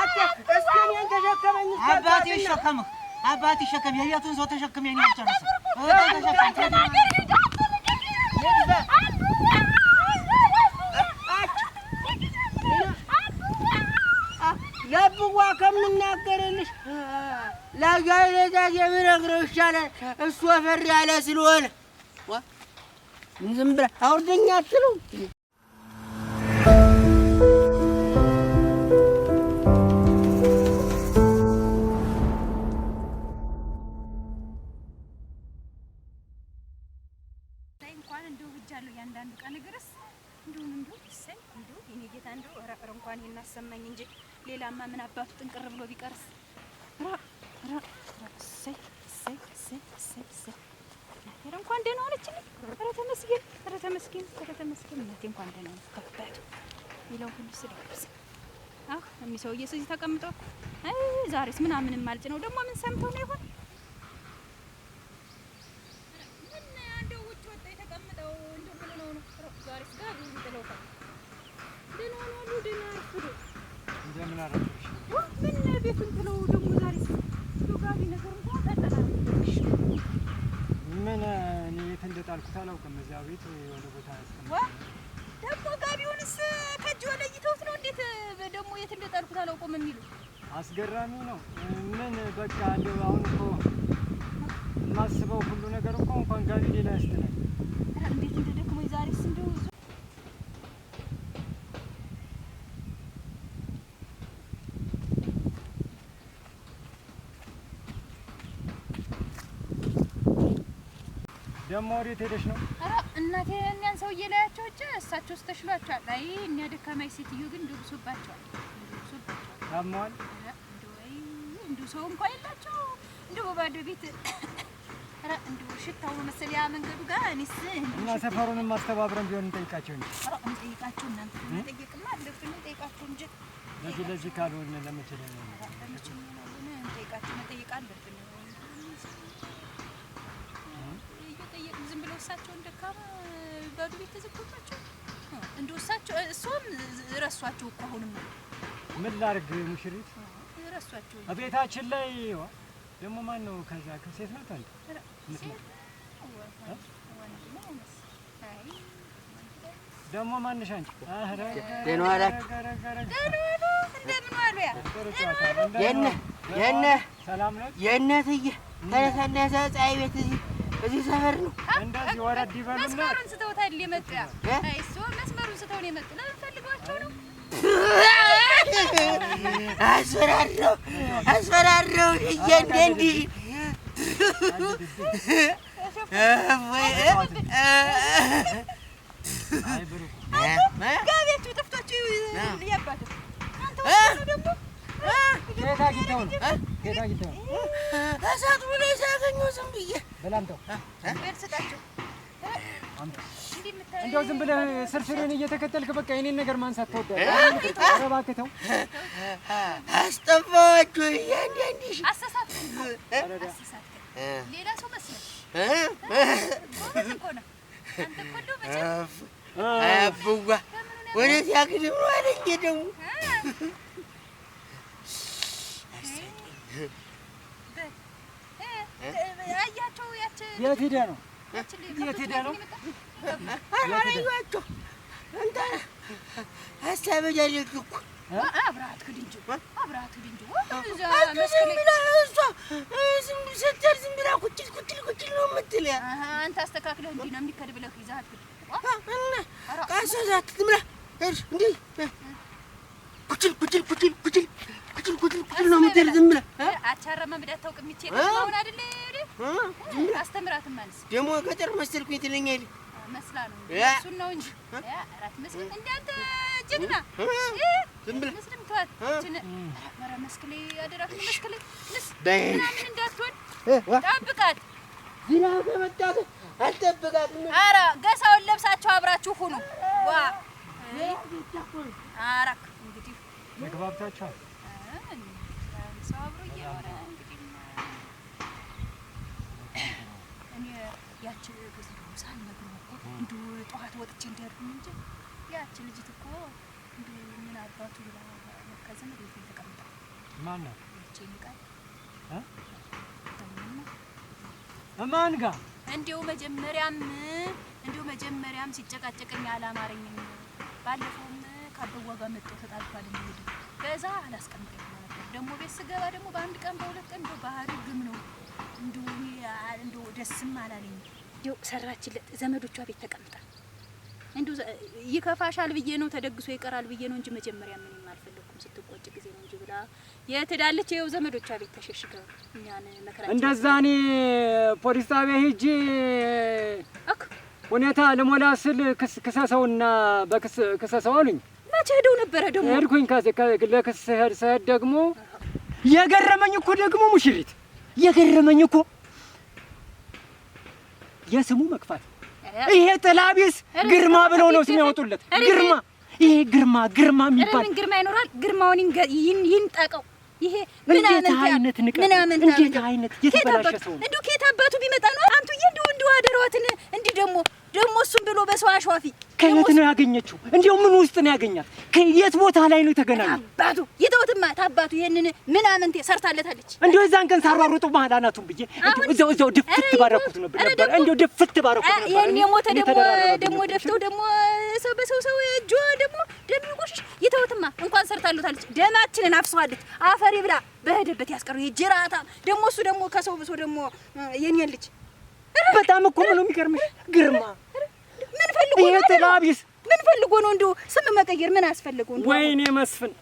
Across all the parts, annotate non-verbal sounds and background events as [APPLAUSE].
አባቴ ይሸከምህ፣ አባቴ ይሸከም። የቤቱን ሰው ተሸክሜ ነው የጨረሰው። ከምናገርልሽ ለጋይለታ የምነግረው ይሻላል። እሱ ወፈር ያለ ስለሆነ ዝም ብላ አውርደኛ አትሉም። ወድጃለሁ። ያንዳንዱ ቀን ግርስ እንዲሁም እንዲሁም ይሰኝ እንዲሁ የኔ ጌታ እንዲሁ ረቅር እንኳን የናሰማኝ እንጂ ሌላማ ምን አባቱ ጥንቅር ብሎ ቢቀርስ ኧረ እንኳን ደህና ሆነችልኝ። ኧረ ተመስገን፣ ኧረ ተመስገን፣ ኧረ ተመስገን እናቴ እንኳን ደህና ከባድ ሁሉ ስደርስ የሚሰውዬ ተቀምጦ ዛሬስ ማልጭ ነው ደግሞ ምን ሰምተው ነው ይሆን እንደጣልኩት አላውቅም። እዚያ ቤት የሆነ ቦታ ደግሞ ጋቢውንስ ከእጅ እይተውት ነው። እንዴት ደግሞ የት እንደጣልኩት አላውቅም የሚሉ አስገራሚ ነው። ምን በቃ እንደው አሁን እኮ የማስበው ሁሉ ነገር እኮ እንኳን ጋቢ ሌላ ያስተናል ደግሞ ወዴት ሄደሽ ነው? ኧረ እናቴ እኒያን ሰውዬ ላያቸው እጅ እሳቸው ስተሽሏቸዋል። አይ እኒያ ደካማይ ሴትዮ ግን ደብሶባቸዋል። ታመዋል። እንዲሁ ሰው እንኳ የላቸው እንዲሁ በባዶ ቤት [COUGHS] ኧረ ሽታው መሰል ያ መንገዱ ጋር እኔስ እና ቢሆን እንጠይቃቸው እንጂ ኧረ እንጠይቃቸው። እናንተ አለብን። እንጠይቃቸው እንጂ ለዚህ ለዚህ ካልሆነ እንጠይቃቸው። አለብን ዝም ብለው እሳቸውን ደካማ ባዶ ቤት ተዘግቶባቸው እንደው እሳቸው እሷም ረሷቸው እኮ አሁንም ምን ላድርግ ሙሽሪት ረሷቸው ቤታችን ላይ ደግሞ ማን ነው ከዛ ከሴት ነው አለ ደግሞ ማንሽ አንቺ ደህና ዋላችሁ እንደምን የነ ያ የእነ የእነ የእነ ትዬ ተነሳና ፀሐይ ቤት እዚህ እዚህ ሰፈር ነው እንደዚህ ወረድ ይበሉና መስመሩን ስተውት አይደል የመጡ እሱ መስመሩን ስተውን የመጡ ለምን ፈልገዋቸው ነው? አስፈራረው አስፈራረው እያንዳንድ ጋቢያችሁ ጠፍቷችሁ ያባትህ አንተ ደግሞ አግኝተኸው ነው? ከየት አግኝተኸው ነው? እሳት ብሎ ሲያገኘው ዝም ብዬ በላም ተው። እንደው ዝም ብለህ ስርሽሬን እየተከተልክ በቃ የእኔን ነገር ማንሳት ትወዳለህ? ኧረ እባክህ ተው። አስጠፋኋቸው እያንዳንድ ሌላ ሰው መስለህ አብዋ ወደ ሲያግድም ነው አለኝ ደግሞ አያቸው የት ሄደህ ነው? የት ሄደህ ነው? አላየኋቸውም። እንትን ሀሳብ እኮ አብረሀት ሂድ እንጂ አብረሀት ሂድ እንጂ ዝም ብላ እሷ ስትሄድ ዝም ብላ ቁጭል ቁጭል ቁጭል ነው የምትል። አንተ አስተካክለህ እንዲህ ነው የሚከድ ብለህ ይዘሀት ሂድ እና ቀሰዛት ዝም ብላ እንዲህ ቁጭል ቁጭል ቁጭል ቁጭል ቁጭል ቁጭል ቁጭል ነው የምትሄድ ዝም ብለህ አቻረ መምዳት ታውቅ የሚችል አሁን አይደለ አስተምራትም አንስ ደግሞ ገጠር መሰልኩኝ ትለኛል መስላ ነው እሱን ነው እንጂ እራት መስል እንዳንተ ጀግና ዝም ብለህ መስልም ተዋት እንትን ኧረ መስክሌ አደራክ መስክሌ ንስ ምናምን እንዳትሆን ጠብቃት ዝናብ ከመጣ አልጠብቃትም ኧረ ገሳውን ለብሳችሁ አብራችሁ ሁኑ ዋ አራክ እንግዲህ ተግባብታችኋል ሰው አብሮ እየኖረ እንግዲህ እኔ ያችን ሳልነግረው እኮ እንደው ጠዋት ወጥቼ እንዳድርጉኝ እንጂ ያችን ልጅት እኮ እንደው ምን አባቱ ብላ ከዝም ብሎ ተቀምጣ ማን ነው ማን ጋር እንዲሁ መጀመሪያም እንዲሁ መጀመሪያም ሲጨቃጨቅኝ አላማረኝም። ባለፈውም ከአበዋ ጋር መጥቶ ተጣልቷል እንሄድ እዛ አላስቀምጠኝ ነበር። ደግሞ ቤት ስገባ ደግሞ በአንድ ቀን በሁለት ቀን እንደው ግም ነው እንደው ደስም አላለኝ። እንደው ሰራችለት ዘመዶቿ ቤት ተቀምጣ እንደው ይከፋሻል ብዬ ነው ተደግሶ ይቀራል ብዬ ነው እንጂ መጀመሪያ ምንም አልፈለኩም ስትቆጭ ጊዜ ነው እንጂ ብላ የት ሄዳለች? ይኸው ዘመዶቿ ቤት ተሸሽገው እኛን መከራ እንደዛ እኔ ፖሊስ ጣቢያ ሂጂ ሁኔታ ልሞላ ስል ክሰሰውና በክስ ክሰሰው አሉኝ። የት ሄደው ነበረ ደግሞ? ለክስ ሄድ ደግሞ የገረመኝ እኮ ደግሞ ሙሽሪት የገረመኝ እኮ የስሙ መክፋት ይሄ ጥላቢስ ግርማ ብለው ነው ስም ግርማ ይሄ ግርማ ግርማ የሚባል ግርማ ይኖራል። ግርማውን ይንጠቀው። ይሄ ምን አይነት ንቀት! ምን አይነት የተበላሸ ሰው እንዴ ከየት አባቱ ቢመጣ ነው አደሯትን እንዲህ ደግሞ ደግሞ እሱም ብሎ በሰው አሸዋፊ ከየት ነው ያገኘችው? እንዲያው ምን ውስጥ ነው ያገኛት? ከየት ቦታ ላይ ነው የተገናኙ? አባቱ ይተውትማ፣ ታባቱ ምናምንቴ ሰርታለታለች። እዛን ቀን ሳሯሩጡ ማህላናቱን ብዬ እዛው እዛው ድፍት ባረኩት ነበር ድፍት ባረኩት ነበር። የሞተ ደግሞ ደግሞ ደፍተው ደግሞ ሰው በሰው ሰው እጆ ደግሞ ይተውትማ፣ እንኳን ሰርታለታለች። ደማችንን አፈሪ ብላ በሄደበት ያስቀሩ ደግሞ እሱ ደግሞ ከሰው ብሶ ደግሞ የኔን ልጅ በጣም እኮ ምን ነው የሚገርምሽ ግርማ ምን ፈልጎ ነው ተላቢስ ምን ፈልጎ ነው እንደው ስም መቀየር ምን አስፈልገው እንደው ወይኔ መስፍን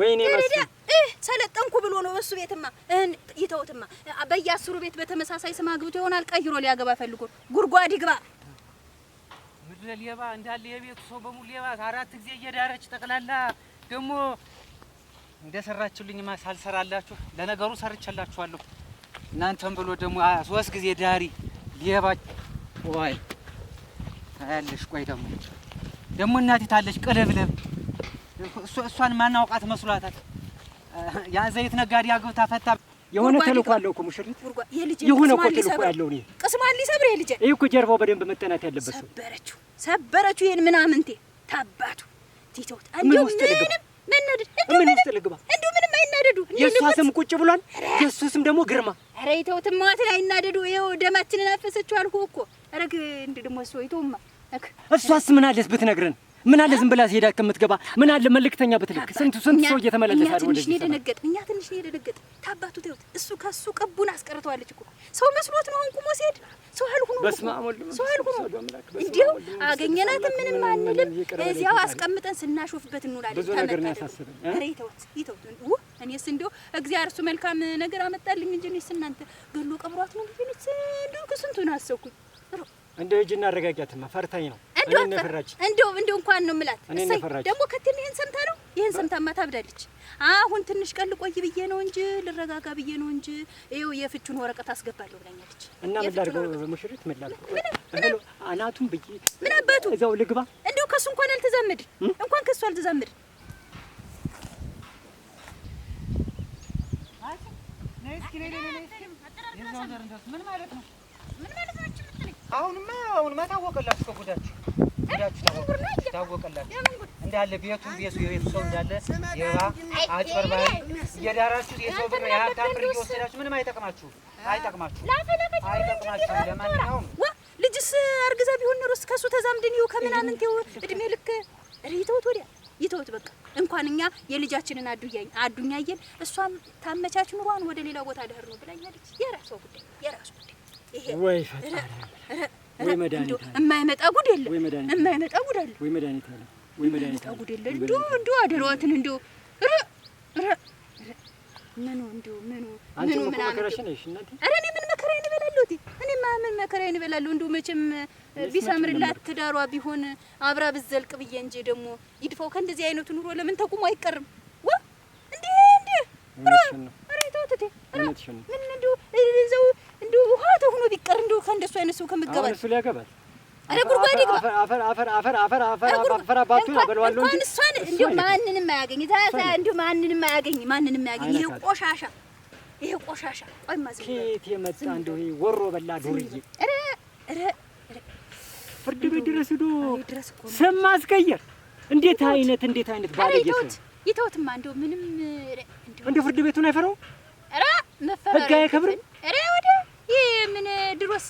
ወይኔ መስፍን እህ ሰለጠንኩ ብሎ ነው እሱ ቤትማ እህን ይተውትማ በየአስሩ ቤት በተመሳሳይ ስም አግብቶ ይሆናል ቀይሮ ሊያገባ ፈልጎ ጉድጓድ ይግባ ምድረ ሌባ እንዳለ የቤቱ ሰው በሙሉ ሌባ አራት ጊዜ እየዳረች ጠቅላላ ደግሞ እንደሰራችሁልኝማ ሳልሰራላችሁ ለነገሩ ሰርቼላችኋለሁ እናንተም ብሎ ደግሞ ሶስት ጊዜ ዳሪ ሌባ ቆይ ታያለሽ። ቆይ ደግሞ ደግሞ እናቴ ታለች ቀለብለብ እሷን ማናውቃት መስሏታል። ያ ዘይት ነጋዴ አግብታ ፈታ የሆነ ተልኮ አለው እኮ ሙሽሪት የሆነ እኮ ተልኮ ያለው እኔ ቅስሟን ሊሰብር ይሄ ልጅ ይህ እኮ ጀርባው በደንብ መጠናት ያለበት ሰበረችው፣ ሰበረችው። ይሄን ምናምንቴ ታባቱ ቲቶት አንዱ ምንም መነድ እንዱ ምንም ልግባ እንዱ አይናደዱ። የእሷ ስም ቁጭ ብሏል፣ የእሱ ስም ደግሞ ግርማ። ኧረ ይተውት ማትን አይናደዱ። ይኸው ደማችንን አፈሰችው አልኩህ እኮ። ኧረ እንደ ደግሞ እሱ ይተውማ። እሷስ ምን አለስ ብትነግረን? ምን አለ ዝም ብላ ሄዳ ከምትገባ ምን አለ መልእክተኛ ብትልክ። ስንቱ ስንቱ ሰው እየተመለከተ አይደል? ትንሽ ነው የደነገጥን እኛ ትንሽ ነው የደነገጥን። ታባቱ ተውት እሱ ከሱ ቅቡን አስቀርተዋለች እኮ ሰው መስሎት ነው አሁን ሲሄድ ሰው አልሆነ ሰው አገኘናት ምንም አንልም። እዚያው አስቀምጠን ስናሾፍበት እንውላለን። ነው። ይተውት ይተውት እኔስ እንደው እግዚአብሔር እሱ መልካም ነገር አመጣልኝ እንጂ እኔስ እናንተ ገሎ ቀብሯት ነው ብዬ እኔስ እንደው ከስንቱን አሰብኩኝ። እንደው እና አረጋጊያትማ ፈርታኝ ነው። እኔ እንደው እንደው እንኳን ነው የምላት። እሰይ ደግሞ ከትም ይሄን ሰምታ ነው ይሄን ሰምታማ ታብዳለች። አሁን ትንሽ ቀን ልቆይ ብዬ ነው እንጂ ልረጋጋ ብዬ ነው እንጂ ይኸው የፍቹን ወረቀት አስገባለሁ ብላኛለች። እና ምን ላድርገው ሙሽሪት፣ ምን ላድርገው አናቱን ብዬ ምን አባቱ እዛው ልግባ። እንደው ከሱ እንኳን አልተዛመድ እንኳን ከሱ አልተዛመድ ምን ማለት ነው? አሁንማ አሁንማ ታወቀላችሁ እኮ ጉዳችሁ ጉዳችሁ ታወቀላችሁ። እንዳለ ቤቱ ቤቱ የቤቱ ሰው እንዳለ የባ አጭበርባሪ እየዳራችሁ የሰው ብር የሀብታም ብር እየወሰዳችሁ ምንም አይጠቅማችሁም፣ አይጠቅማችሁም፣ አይጠቅማችሁም። ለማንኛውም ልጅስ አርግዛ ቢሆን ኖሮስ ከእሱ ተዛምድን ይኸው ከምናምን እድሜ ልክ ሬተውት ወዲያ ይተውት በቃ። እንኳን እኛ የልጃችንን አዱያኝ አዱኛየን እሷም ታመቻች ኑሯን ወደ ሌላ ቦታ ደህር ነው ብላ ይሄድ የራሷ ጉዳይ የራሷ ጉዳይ። ይሄ ወይ ፈጣሪ ወይ መድኃኒት አለ እማይመጣ ጉድ የለ እማይመጣ ጉድ አለ ወይ መድኃኒት አለ ወይ መድኃኒት አለ ጉድ የለ። እንደው እንደው አደረዋትን እንደው ረ ረ ምኑ እንደው ምኑ ምኑ ምናምን እንዴ እኔማ ምን መከራዬን እበላለሁ። እንደው መቼም ቢሰምርላት ትዳሯ ቢሆን አብራ ብዘልቅ ብዬ እንጂ ደግሞ ይድፋው ከእንደዚህ አይነቱ ኑሮ ለምን ተቁሞ አይቀርም? ወ እንዴ እንዴ ኧረ ተውት እቴ ኧረ ምን እንደው እዛው እንደው ውሃ ተሆኖ ቢቀር እንደው ከእንደሱ አይነት ሰው ከምትገባል እሱ ሊያገባል አረ ጉርጓዴ ግባ አፈር አፈር አፈር አፈር አፈር አፈር አባቱን አበለዋለሁ እንጂ እንኳን እሷን እንደው ማንንም አያገኝ እንደው ማንንም አያገኝ ማንንም አያገኝ ይሄ ቆሻሻ ይሄ ቆሻሻ ቆይማ ዝም ከየት የመጣ እንደው ይሄ ወሮ በላ ዱርዬ ኧረ ኧረ ፍርድ ቤት ድረስ ሂዶ ስም ማስቀየር እንዴት አይነት እንዴት አይነት ባለጌ ነው። ይተውትማ እንደው ምንም እንደው ፍርድ ቤቱን አይፈራውም። ኧረ መፈራሪያ ህግ አይከብርም። ኧረ ወዲያ ይሄ ምን ድሮስ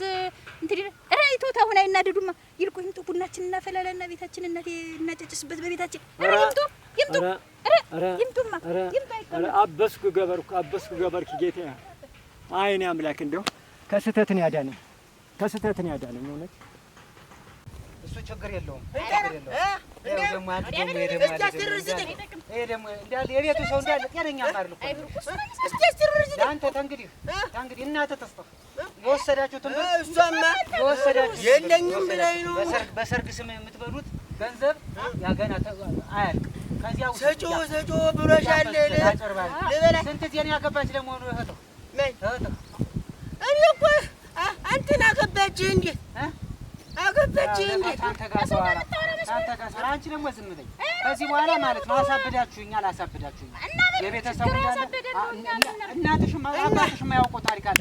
እንትን ኧረ ይተውት አሁን አይናደዱማ። ይልቁን ቡናችንን እናፈላለና ቤታችንን እናጨጭስበት በቤታችን ኧረ ይምጡ አበስኩ ገበርኩ አበስኩ ገበርኩ ጌቴ አይኔ አምላክ እንደው ከስህተትን ያዳነኝ ከስህተትን ያዳነኝ እውነት እሱ ችግር የለውም። የቤቱ ሰው እንዳለ ጤነኛ ማርል ተንግዲህ ተንግዲህ እናትህ ተስጠህ የወሰዳችሁትን የወሰዳችሁት የለኝም ብላኝ ነው በሰርግ ስም የምትበሉት ገንዘብ ያገና አያልቅም። ሰጮ ሰጮ ብሎሻል ስንት ዜና ያገባች ለመሆኑ እህቶ? እኔ እኮ አንተን አገባችህ እንዴ? አገባችህ እንዴ? አንቺ ደግሞ ዝም በይ። ከዚህ በኋላ ማለት ነው አሳብዳችሁኛል፣ አሳብዳችሁኛል። የቤተሰቡ እናትሽም አባትሽም አያውቁ ታሪክ አለ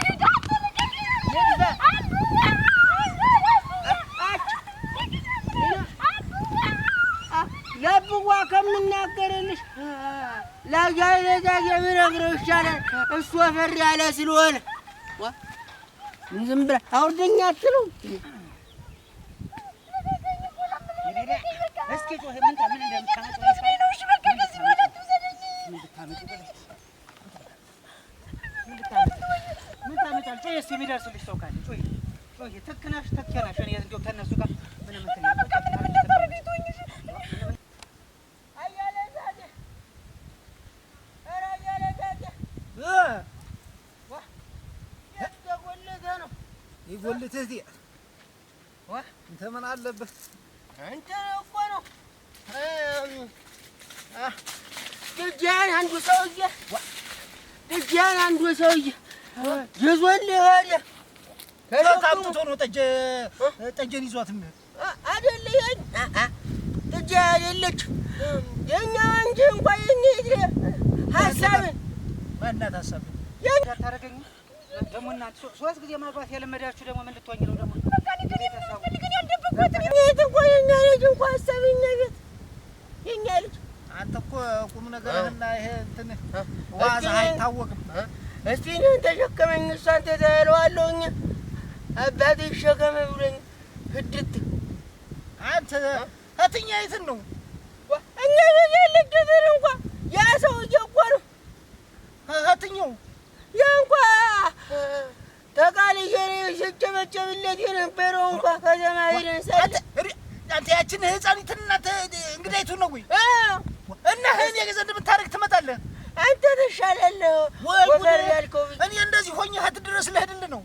ብነግረው ይሻላል። እሱ ወፈር ያለ ስለሆነ ዝም ብለህ አውርደኛ አትለው። የሚደርስልሽ ሰው ካለ ትክ እኔ እንደው ከእነሱ ጋር ምንም እንትን ትህቴ እንትን ምን አለብህ? እንትን እኮ ነው ድጃን አንዱ ሰውዬ አንዱ ሰውዬ ይዞልህ ሄደ። ታምጥቶ ነው ጠጀን ይዟት የሚሄድ አይደለ? ጥጃ አይደለች የእኛ እንጂ እንኳን ሀሳብን ማናት ሀሳብን ታደርገኝ ደግሞ እናንተ ሶስት ጊዜ ማግባት የለመዳችሁ ደግሞ ምን ልትሆኝ ነው? ደግሞ አንተ እኮ ቁም ነገርህና ይሄ እንትን ዋዛ አይታወቅም። እስቲ እኔን ተሸከመኝ፣ እሷን ተተለዋለሁኝ። አባቴ ይሸከመ ብሎኝ ህድት አንተ እትኛ የትን ነው እኛ ልደትን እንኳ ያ ሰውዬ እኮ ነው እትኛው ተቃልዬ ስጨበጨብለት የነበረው እንኳ ከተማ ሄደን አንተ ያችን ህፃኒትን እናንተ እንግዳይቱ ነው ወይ እና ህን የገዘንድ እንደምታደርግ ትመጣለህ። አንተ ተሻላለህ ወፈር ያልከው እኔ እንደዚህ ሆኜ ሀት ድረስ ለህድል ነው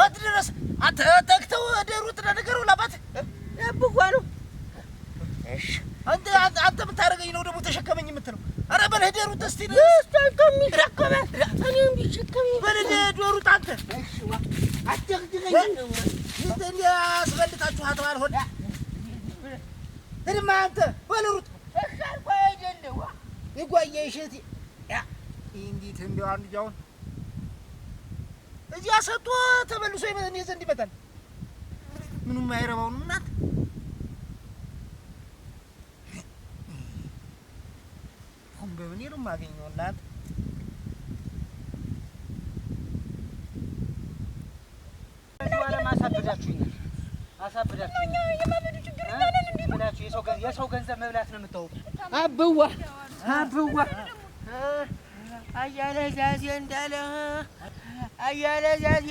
ሀት ድረስ አንተ ተክተው ደሩት ነገር ላባት ያብኳ ነው። አንተ አንተ የምታደርገኝ ነው ደግሞ ተሸከመኝ የምትለው። ኧረ በል ሂድ ደሩት እስቲ ስተልከሚ እሱ እኔ ዘንድ ይመጣል። ምኑም አይረባውም እናት አሁን በምን ነው የማገኘው እናት የሰው ገንዘብ መብላት ነው የምታውቁ። አብዋ አብዋ አያለ ዛዜ እንዳለ አያለ ዛዜ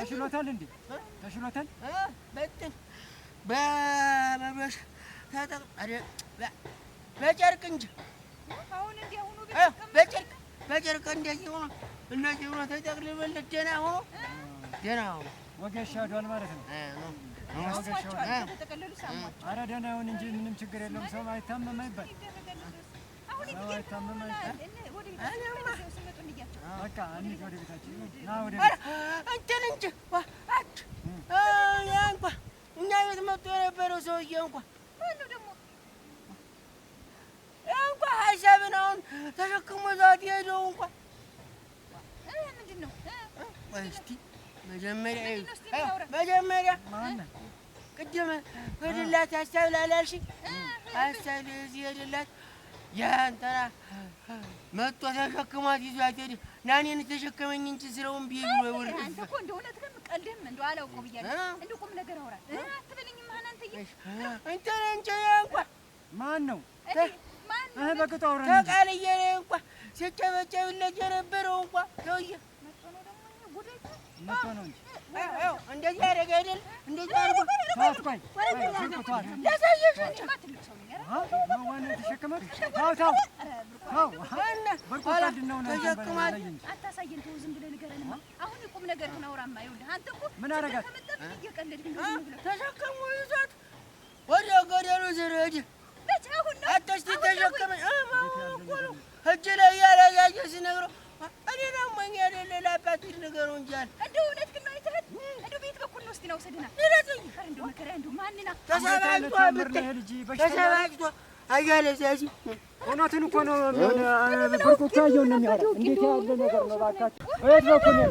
ተሽሎታል እንዴ? ተሽሎታል በእንትን በበሽ ታጠቅ በጨርቅ እንጂ አሁን እንዲህ አሁኑ በጨርቅ በጨርቅ እንደዚህ ሆኖ እንደዚህ ሆኖ ተጠቅልሎለት ደህና ሆኖ ደህና ሆኖ ወገሻ ዷል ማለት ነው። ኧረ ደህና ይሁን እንጂ ምንም ችግር የለውም። ሰው አይታመም አይባል። ሰው አይታመም አይባል። በቃ እኛ ቤት መጥቶ የነበረው ሰውዬ እንኳ ማነው ደግሞ እንኳ ሄደው እንኳ ምንድን ነው እስኪ መጥቶ ተሸክሟት ይዟት ሄደ ና እኔን ተሸከመኝ እንጂ ዝለውን ብዬ ብሎ ይወርድ። አንተ እኮ እንደው እውነትህን ቀልድህም እንደው አላውቀው ብያለሁ። እንደው ቁም ነገር አውራ አትበለኝ። ማን አንተ ይ እንትን እንጂ እንኳ ማን ነው በቅጡ አውራ ተቃልዬ እንኳ ሲጨበጨብለት የነበረው እንኳ ሰውዬ መጥቶ ነው ደግሞ ጉዳይ መጥቶ ነው እንጂ እንደዚህ አደረገ አይደል? እንደዚህ አድርጎ ሲነግረው እኔ ናሞኝ ሌላ አባት ንገረው እንጂ አለ። እንደው እውነት ግን ማይተህት እንደው ቤት በኩል ነው። እስኪ ና ውሰድና ንረኝ። እንደው መከራ እንደው ማንና ተሰባጅቶ ተሰባጅቶ አያለ እዚያ እውነትን እኮ ነው የሚሆን ብርቁ ነው የሚያወራ። እንዴት ያለ ነገር ነው እባካችሁ! እቤት በኩል ነው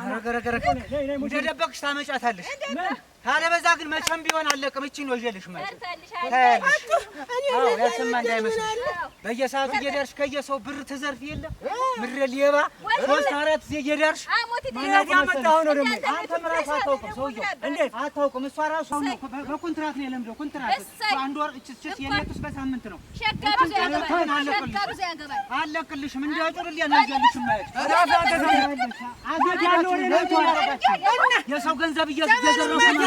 ኧረ ገረገረ እንደደበቅሽ ታመጫታለሽ ካለበዛ ግን መቼም ቢሆን አለቅም። እቺ ነው ይዤልሽ ማለት እንዳይመስልሽ። በየሰዓቱ እየዳርሽ ከየሰው ብር ትዘርፍ የለ ምድረ ሌባ ሶስት አራት ዜ እየዳርሽ ምናት ነው ደግሞ አንተም እራሱ አታውቅም። ሰውዬው እንዴት አታውቅም? እሷ ራሱ በኮንትራት ነው የለምደው ኮንትራት በአንድ ወር እችስችስ የኔቱስ በሳምንት ነው አለቅልሽም እንዲ ጭርል ያናያልሽ ማየት አገድ ያለው የሰው ገንዘብ እየዘረፉ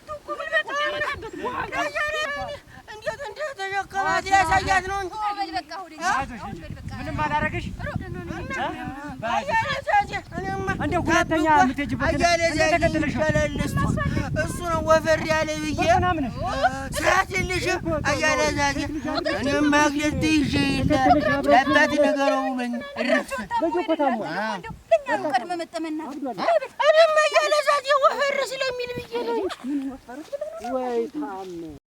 እንዴት እንዴት ሁለተኛ የምትሄጂበትን እሱ ነው ወፈር ያለ ብዬ ስራት የለሽም። አያለዛዜ እኔማ አግለጥ ይዤ ለአባት ንገረው ብሎኝ እርፍ እኛም ቀድመህ መጠህ እኔማ እያለ እዛት የወፈረ ስለሚል ብዬሽ ነው